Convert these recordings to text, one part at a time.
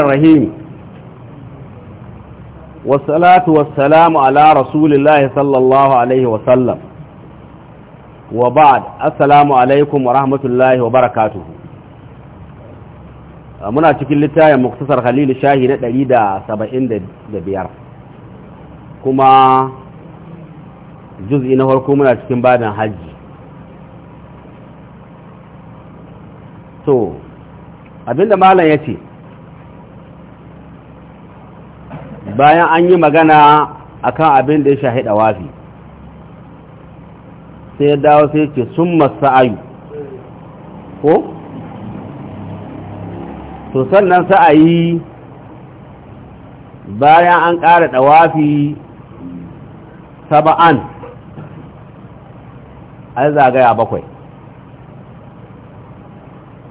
الرحيم والصلاة والسلام على رسول الله صلى الله عليه وسلم وبعد السلام عليكم ورحمة الله وبركاته muna cikin littafin muktasar Khalilu Shahi na 175 kuma juz'i na farko muna cikin badan Hajji. to abinda malam yace bayan an yi magana a kan abin da ya shahi wafi sai ya dawo sai ke sun ayu ko? to sannan sa'ayi bayan an ƙara ɗawafi saba'an an zagaya bakwai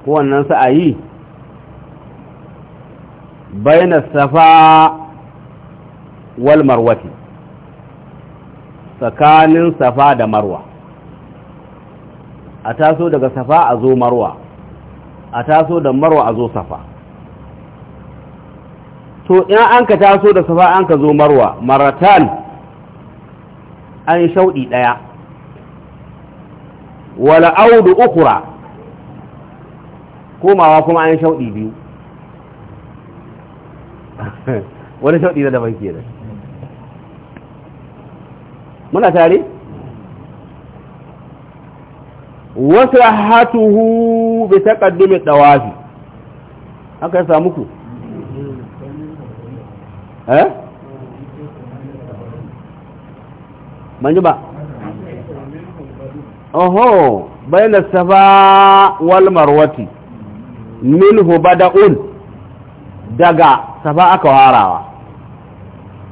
kowannan sa'ayi bayan safa wal marwati tsakanin safa da marwa a taso daga safa a zo marwa a taso da marwa a zo safa to in an ka taso da safa an ka zo marwa maratan an shauɗi ɗaya wala audu ukura komawa kuma an shauɗi biyu wani shauɗi da daban ke da muna tare wasu hatuhu bai taƙaddumin dawafi aka yi samu eh manji ba oho bayan safa wal marwati minhu bada'un daga safa aka warawa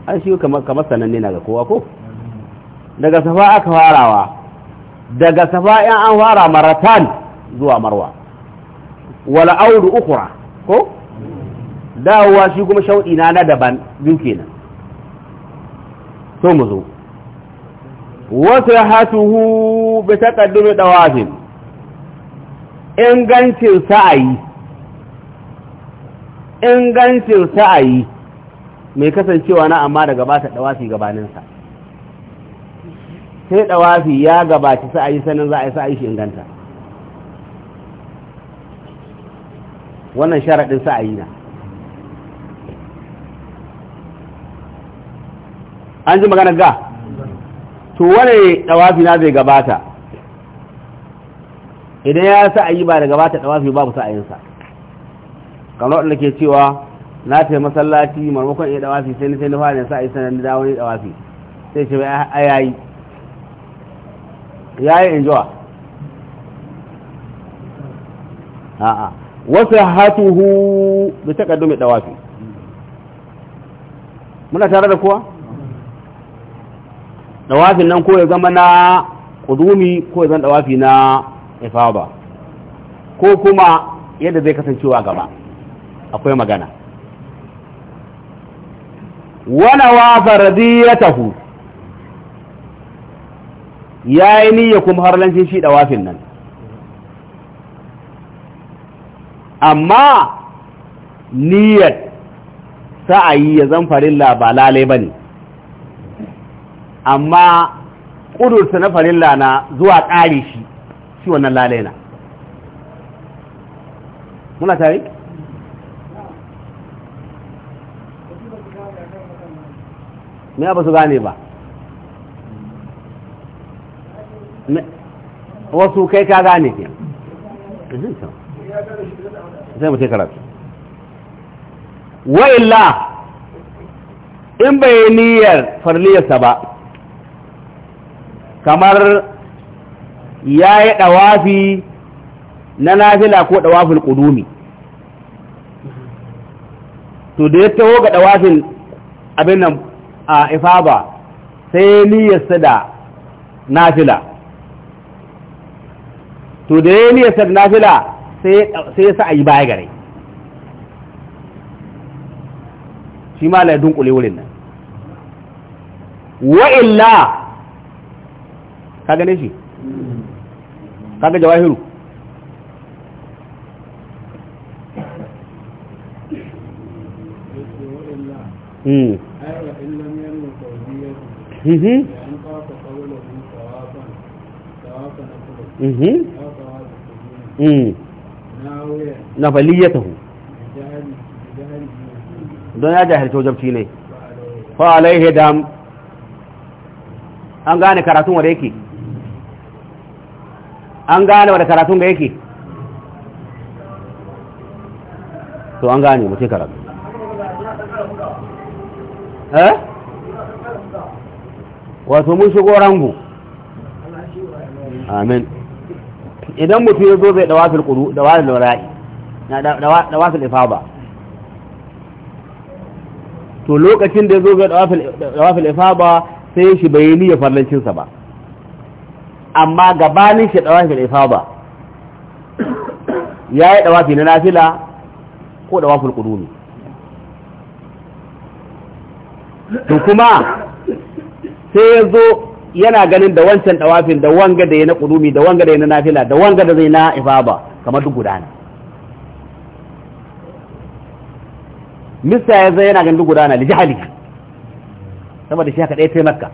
an shi kamar sananne na ga kowa ko daga safa aka farawa daga safa yan an fara maratan zuwa marwa wala audu ukura ko dawowa shi kuma shauɗi na na daban biyu kenan to mu zo wasu hatuhu bi taqaddumi ɗawafin. ingancin sa'ayi ingancin sa'ayi mai kasancewa na amma daga ba ta dawafi gabaninsa sai ɗawafi ya gabaci sa'ayi sanin za a yi sa'ayi shi inganta wannan sharaɗin sa'ayi na an ji maganar ga to wane ɗawafi na zai gabata idan ya sa'ayi ba da gabata ɗawafi babu sa'ayinsa kamar waɗanda ke cewa na ce masallaci marmakon iya ɗawafi sai ni sai na fara sa'ayi sanar da wani ɗawafi sai ce bai ayayi yayi injuwa a'a wasu hatuhu da takaddumi dawafi muna tare da kowa dawafin nan ko ya zama na kudumi ko ya zama dawafi na ifaba ko kuma yadda zai kasancewa gaba akwai magana wani wa faradiyatahu ya yi niyya kuma harlancin shi wafin nan amma niyyar sa'ayi ya zan farilla ba lalai ba ne amma ƙudurta na farilla na zuwa ƙari shi shi wannan lalai na muna tare? me ba su gane ba wasu kai ka gane ke zai karatu wa illa in bai niyyar farliyarsa ba kamar ya yi ɗawafi na nafila ko ɗawafin ƙudumi to da ya taho ga ɗawafin abin nan a ifaba sai niyyarsa da nafila to da ya niyyar sa nafila sai ya sa a yi baya gare shi ma la dunkule wurin nan wa illa ka gane shi ka ga jawahiru Mm-hmm. Mhm. Mm. na faliyatahu don ya jahilci wajabci ne fa alaihe dam an gane karatun wadda yake an gane wadda karatun da yake to an gane mutu karatu eh wato mun shigo rango amin idan mutum ya zo bai dawafil da dawafil lura'i na dawafil to lokacin da ya zo bai dawafil ifada sai shi bai ya farlancin sa ba amma gabanin shi ya yi da dawafi na nafila ko dawafil ne to kuma sai ya zo yana ganin da wancan tawafin da wanga da ya na kudumi da wanga da ya na nafila da wanga da zai na ibaba kamar duk gudana mista ya zai yana ganin duk gudana da jihali saboda shi haka ɗaya sai makka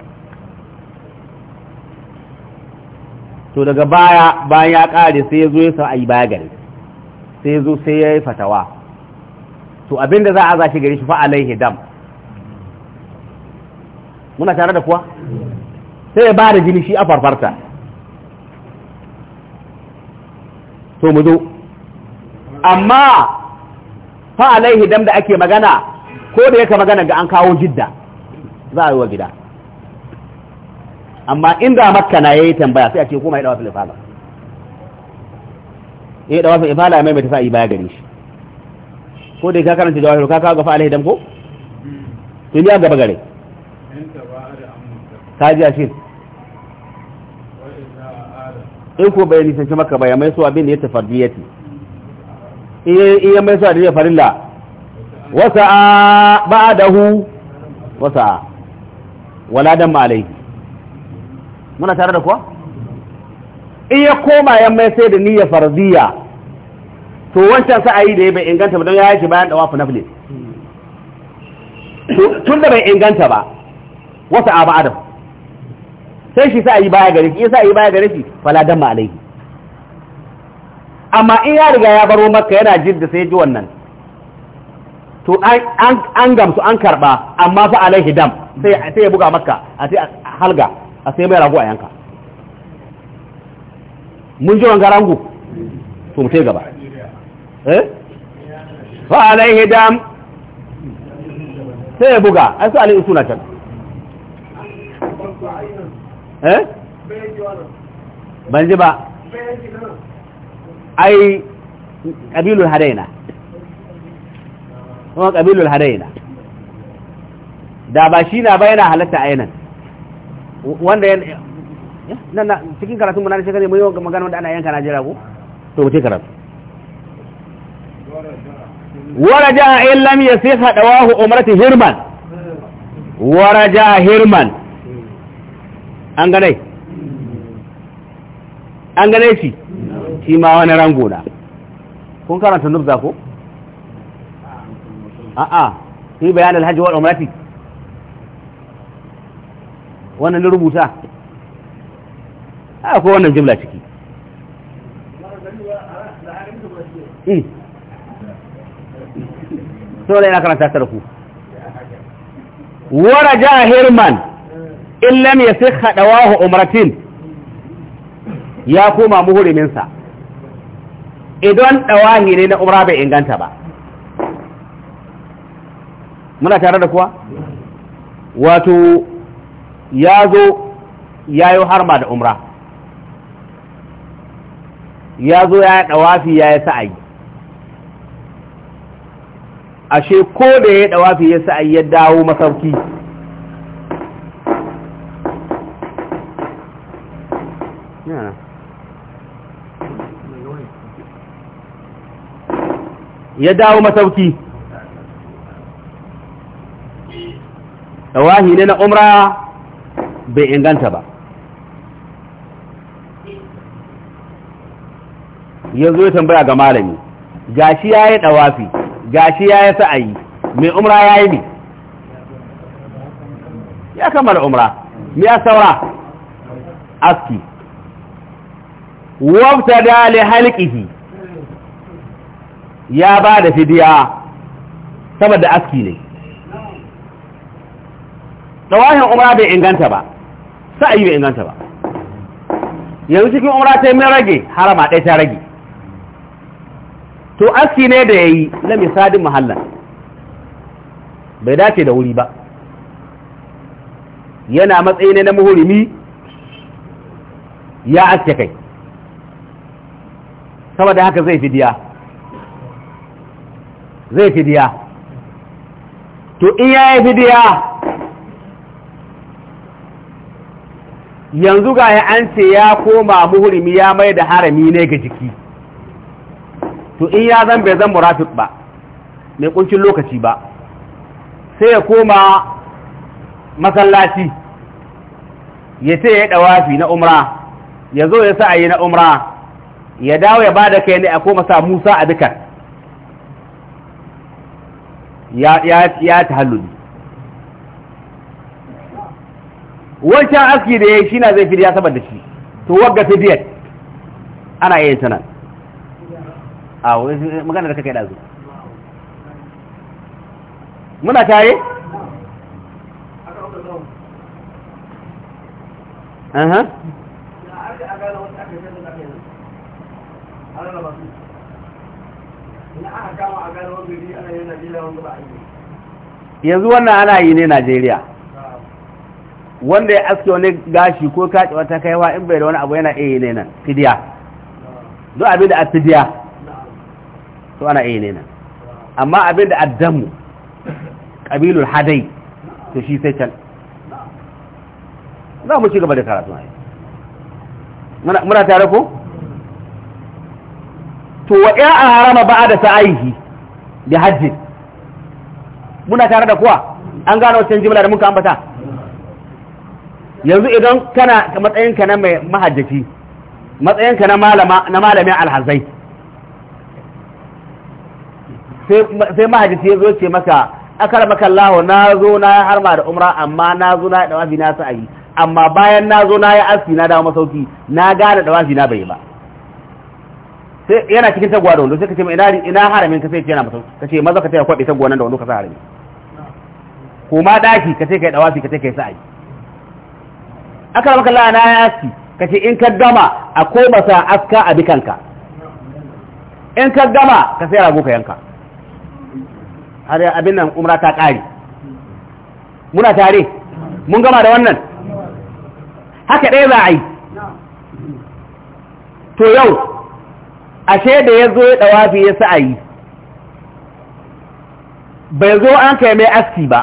to daga baya bayan ya ƙare sai ya zo ya sa'ayi baya gari, sai ya zo sai ya yi fatawa to abinda za a za shi gari shi fa'alai hidam dam muna tare da kuwa sai ya ba da jini shi a farfarta to mu zo amma fa alaihi dam da ake magana ko da yake magana ga an kawo jidda za a yi wa gida amma inda makka na yayi tambaya sai a ce kuma ya dawa fil ifala ya dawa fil ifala mai mai yi baya gare shi ko da ka karanta jawahir ka kawo ga fa alaihi dam ko hmm. tun ya gaba gare ka ji a shi in ko bai nisanci maka ba ya mai su abin da ya ce, iya mai su abin da farilla wasa a hu wasa a wala dan malai muna tare da kuwa iya koma ya mai sai da niyya farziya to wancan yi da ya bai inganta ba don ya yi shi bayan na nafli tun da bai inganta ba wasa a ba'adahu sai shi sa yi baya gare shi yasa yi baya gare shi fala damma alaihi amma in ya riga ya baro makka yana jidda sai ji wannan to an gamsu an karba amma fa alaihi dam sai ya buga makka a sai halga a sai mai rago a yanka mun ji wanga rango to mu sai gaba eh fa alaihi dam sai ya buga ai sai alaihi suna can eh ban ji ba ai ƙabilul hadaina kuma ƙabilul hadaina da ba shi na bayana halatta ainihin wanda ya eh, na cikin karatun mu na shekara ne mu yi magana wanda ana yanka Najeriya ko to mu ce karatu waraja in lam yasih dawahu umrati hirman waraja hirman an ganai an ganai shi shi ma wani rango da kun karanta nufza ko a'a shi bayan alhaji wa umrati wannan na rubuta akwai wannan jimla ciki hmm. da yana karanta ta wara ja waraja hirman in lam yasihha dawahu umratin ya koma muhuriminsa sa idan dawahi ne na umra bai inganta ba muna tare da kuwa wato ya zo yi harma da umra ya zo ya dawafi ya yi sa'ayi ashe ko da ya dawafi ya sa'ayi ya dawo masauki ya dawo masauki tawahi ne na umra bai inganta ba yanzu ya tambaya ga malami gashi ya yi ɗawafi gashi ya yi sa'ayi mai umra ya yi ne ya kammala umra ya saura aski wabta da halƙihi ya ba da fidiya saboda aski ne tsawahin umara bai inganta ba sa'ayi bai inganta ba yanzu cikin umara ta yi rage harama ɗaya ta rage to aski ne da ya yi na misadin mahallar bai dace da wuri ba yana matsayi ne na muhurimi ya aske kai saboda haka zai fidiya zai fidiya to in ya yi fidiya yanzu ga ya an ce ya koma muhurimi ya mai da harami ne ga jiki to in ya zan bai zan murafik ba mai kuncin lokaci ba sai ya koma masallaci ya ce ya fi na umra ya zo ya sa'ayi na umra ya dawo ya ba da kai ne a koma sa musa a dukkan ya ya ya wancan aski da yayi na zai fidiya saboda shi to wagga fidiyar ana yin sanar. a magana da kake dazu muna tare aha yanzu wannan ana yi ne najeriya wanda ya aske wani gashi ko kaci wata kaiwa in bai da wani abu yana iya ne nan fidiya don abin da a fidiya to ana iya ne nan amma abin da addamu ƙabilul hadai to shi sai can za mu ci gaba da karatu muna tare ko? to wa ya harama ba da aiki da hajji muna tare da kuwa an gano wancan jimla da muka ambata yanzu idan kana matsayinka na mai mahajjaci matsayinka na malamin alhazai sai mahajjaci ya ce maka akar makallahu na zo na ya harma da umra amma na zo na ya dawafi na sa'ayi amma bayan na zo na ya aski na dawo masauki na gane dawafi na bai ba sai yana cikin tagwa da wando sai ka ce ina ina haramin ka sai ce yana mutum ka ce maza ka taya kwaɗe tagwa nan da wando ka sa harami ko ma daki ka ce kai dawafi ka ce kai sa'i aka maka la'ana na yaski ka ce in ka gama akwai masa aska a bikanka in ka gama ka sai rago ka yanka har abin nan umra ta ƙari muna tare mun gama da wannan haka ɗaya za a yi to yau ashe da ya zo ya ɗawafi ya sa'ayi bai zo an kai mai aski ba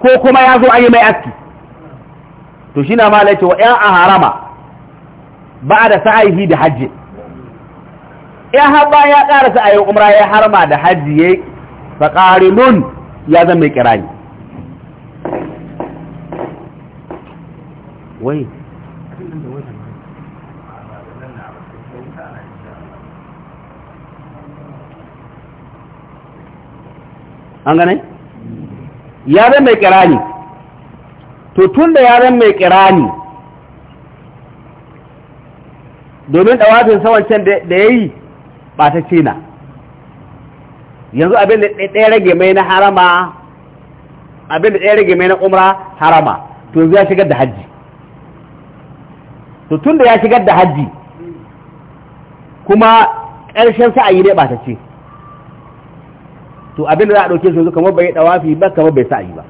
ko kuma ya zo an yi mai aski to shi na malace wa ‘yan a harama ba da sa'ayi da hajji ‘yan haɓa ya ƙara sa'ayi umra ya harma da hajji ya yi nun ya zama mai kirani wai an gane yaren mai kirani to tun da yaren mai kirani domin ɗawafin sawancen da ya yi ba ta cina yanzu abin da ɗaya rage mai na harama abin da ɗaya rage mai na umra harama to yanzu ya shigar da hajji to tun da ya shigar da hajji kuma ƙarshen sa'ayi ne ba ta ce to abin da za a ɗauke su yanzu kamar bai fi ba kamar bai yi ba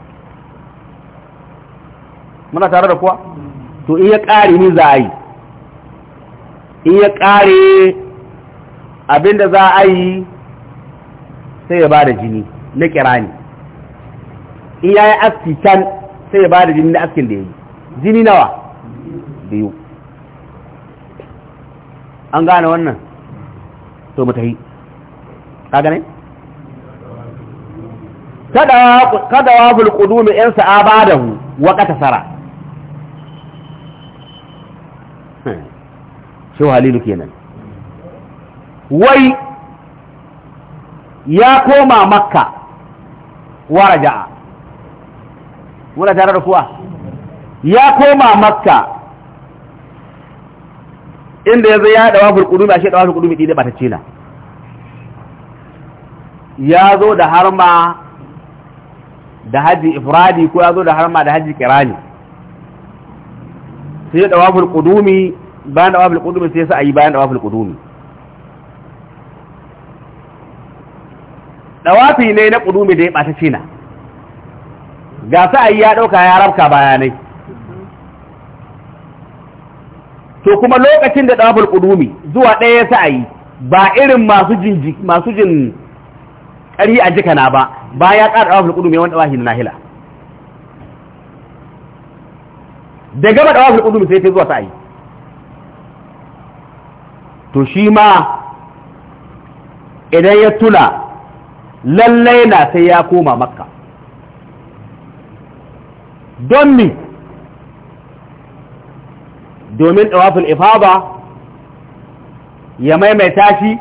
muna tare da kuwa to in ya ƙare ni za a yi in ya ƙare abin da za a yi sai ya ba da jini na kirani in ya yi aski can sai ya ba da jini na askin da ya yi jini nawa biyu an gane wannan to mutahi. ka gane? kada waful ƙudumi ‘yan sa'aba da hu wa ƙata sara hmm. shi halilu kenan wai ya koma makka wa raja'a muna tare da kuwa ya koma makka inda ya zai ya da waful ƙudumi a shi da waful ƙudumi ɗi da ba ta cina. na ya zo da har ma da haji ifradi ko ya zo da harma da haji kirani sai da wafil qudumi bayan dawaful qudumi sai sa ayi bayan dawaful qudumi dawafi ne na qudumi da ya bata cina ga sa ayi ya dauka ya rabka bayanai to kuma lokacin da dawaful qudumi zuwa ɗaya sa'ayi ayi ba irin masu jin masu jin ƙari a jikana ba ba ya ƙara ɗawa fulƙudu mai wanda wahi na nahila da gaba ɗawafin mai sai ta zuwa sa'ayi to shi ma idan ya tuna lallai na sai ya koma makka don mi domin ɗawafin ifaba ya maimaita shi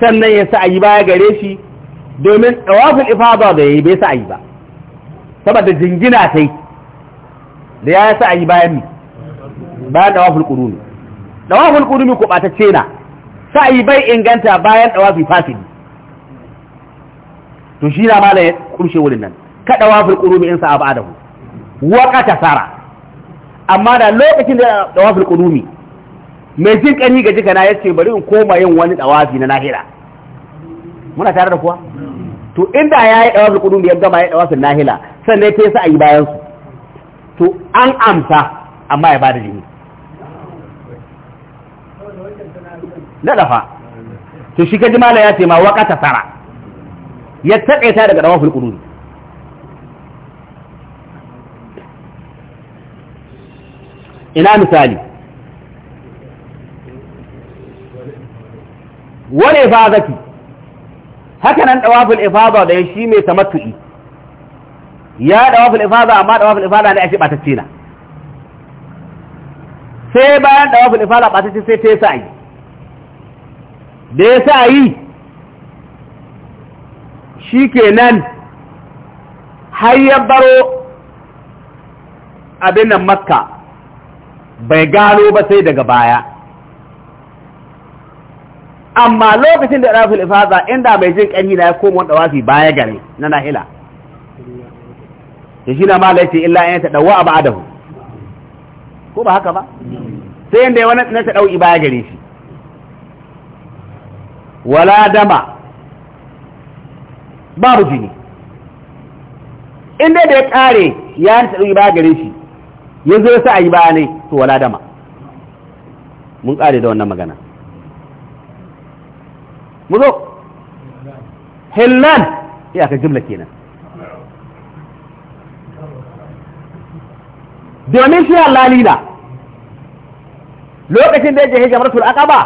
sannan ya sa'ayi baya gare shi domin ɗawafin ifada da ya yi bai sa'ayi ba saboda jingina ta yi da ya yi sa'ayi bayan mi bayan ɗawafin ƙurumi ɗawafin ƙurumi ku ce na sa'ayi bai inganta bayan ɗawafi fasili to shi na mala ya ƙurshe wurin nan ka ɗawafin ƙurumi in sa'a ba da hu ta sara amma da lokacin da ɗawafin ƙurumi mai jin ƙani ga jikana ya ce bari in koma yin wani ɗawafi na nahira muna tare da kuwa to inda ya yi ɗawafin ƙudumi ya gama ya ɗawar nahila sannan ya sa a yi bayan su to an amsa amma ya bada jini na dafa to shi ka jimala ya ce ma waka ta tsara ya taƙaita daga ɗawar ƙudumi ina misali wane fa zaki haka nan ɗawafin ifada da shi mai tamattu'i ya ɗawafin ifada amma ɗawafin ifada ne a shi batacce na sai bayan ɗawafin ifada batacce sai ta yasa yi da yasa yi shi har ya baro abin nan makka bai gano ba sai daga baya amma lokacin da ɗafil ifada inda mai jin ƙari na ya koma wanda wafi baya gare na nahila shi na ma yace illa yin ta dawa a ba'dahu ko ba haka ba sai inda wani na ta dauki baya gare shi wala dama babu jini inda da ya kare ya ta dauki baya gare shi yanzu sai a yi baya ne to wala dama mun kare da wannan magana mu zo hillan iyakar jumla kenan domin shi ya lokacin da ya jam'ar jamaratul aqaba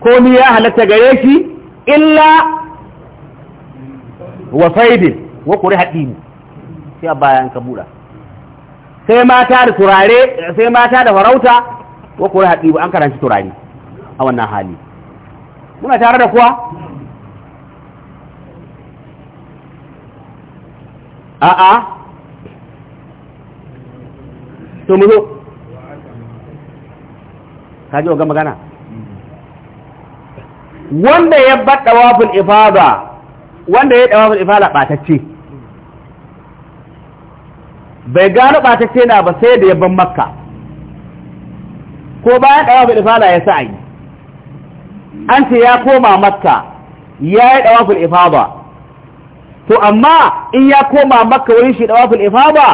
ko ni ya halatta gare shi illa wa saidin wa kuri shi sai bayan kabura sai mata da turare sai mata da farauta wa kuri haɗini an karanci turare a wannan hali muna tare da kuwa a'a to mu zo ka ji ga magana wanda ya baɗa wafin ifada wanda ya ɗawa wafin ifada ɓatacce bai gano ɓatacce na ba sai da ya ban makka ko bayan ɗawa wafin ifada ya sa'ayi an ce ya koma makka ya yi dawaful ifaba to amma in ya koma makka wurin shi dawaful ifaba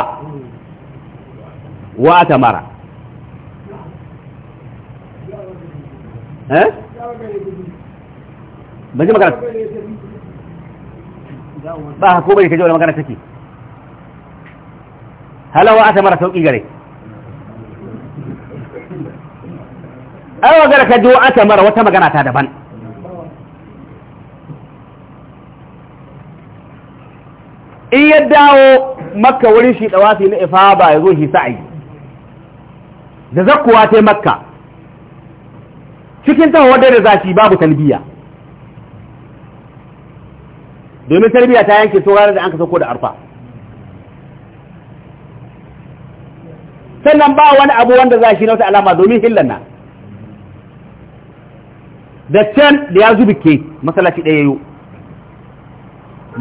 wa tamara eh ban magana ba ko bai kaji wani magana take halawa a ta mara sauki gare ai magana ka ji aka mara wata magana ta daban in ya dawo makka wurin shi dawafi na ba ya zo shi yi da zakkuwa ta makka cikin ta wadda da shi babu talbiya domin talbiya ta yanke tsoron da an ka sauko da arfa sannan ba wani abu wanda za shi na wata alama domin hillan nan da can da ya zubike masalaci ɗaya yau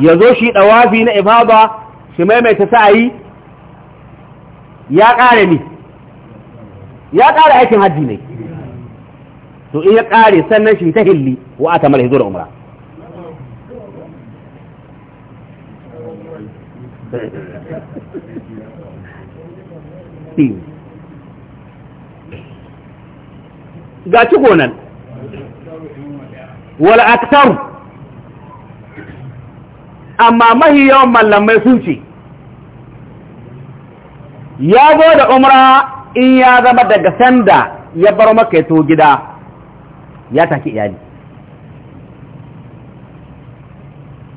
ya zo shi ɗawafi na ibaba shi maimaita sa'ayi ya ƙare ni ya ƙare aikin hajji ne to in ya ƙare sannan shi ta hilli wa a tamar hizo da umra ga ci gonan wal aktar amma mahi yawan mallamai sun ce ya zo da umra in ya zama daga sanda ya bar maka to gida ya taki iyali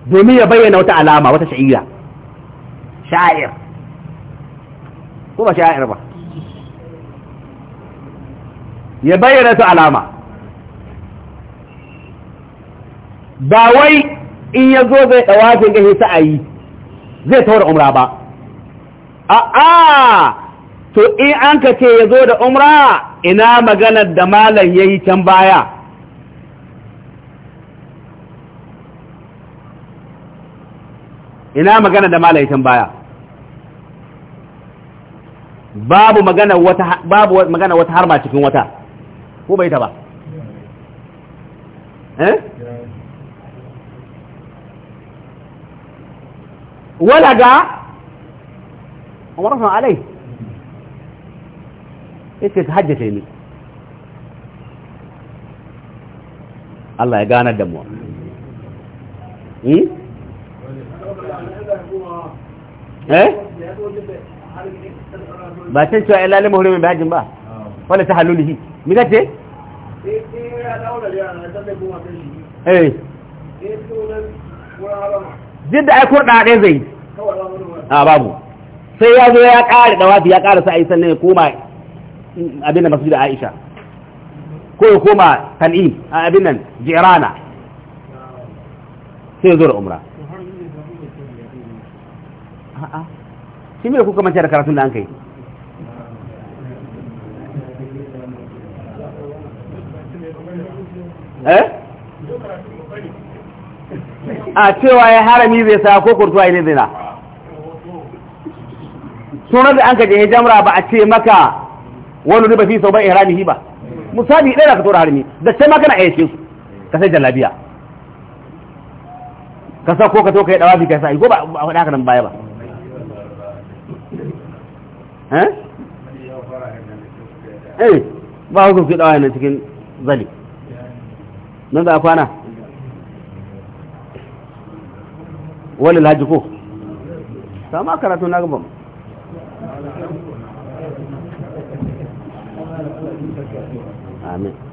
domin ya bayyana wata alama wata sha'ira sha'ir ko ba sha'ir ba ya bayyana ta alama ba wai in ya zo zai ɗawafin gahe yi zai tawar umra ba a'a to in an ka ce ya zo da umra ina maganar da malam ya yi can baya ina magana da malam ya can baya babu magana wata babu magana wata harma cikin wata ko bai ta ba eh ولد ومرفع عليه yace ta hajjace ni Allah ya gane ta hmm? eh? cewa ila lil muhrimin bajin ba wala ta halulihi duk da ai da ɗaya zai a babu sai ya zo ya ƙare da wafi ya ƙara sa'ayi sannan ya koma mm, abin da masjid Aisha ko ya koma Tan'im a abin nan Jirana sai ya zo da umra a'a shi me kuka manta da karatun da an kai eh a cewa ya harami zai sa ko kurtuwa ne zina sunan da an kaje je jamra ba a ce maka wani riba fi sau ba ihramihi ba misali ɗaya ka tura harami da ce maka na ayyukin su ka sai jallabiya ka sa ko ka to ka yi ɗawafi ka sa ko ba a faɗa ka nan baya ba eh, eh ba hukunci ɗawa yana cikin zali nan da kwana wani laji ko sama karatu na gaban amin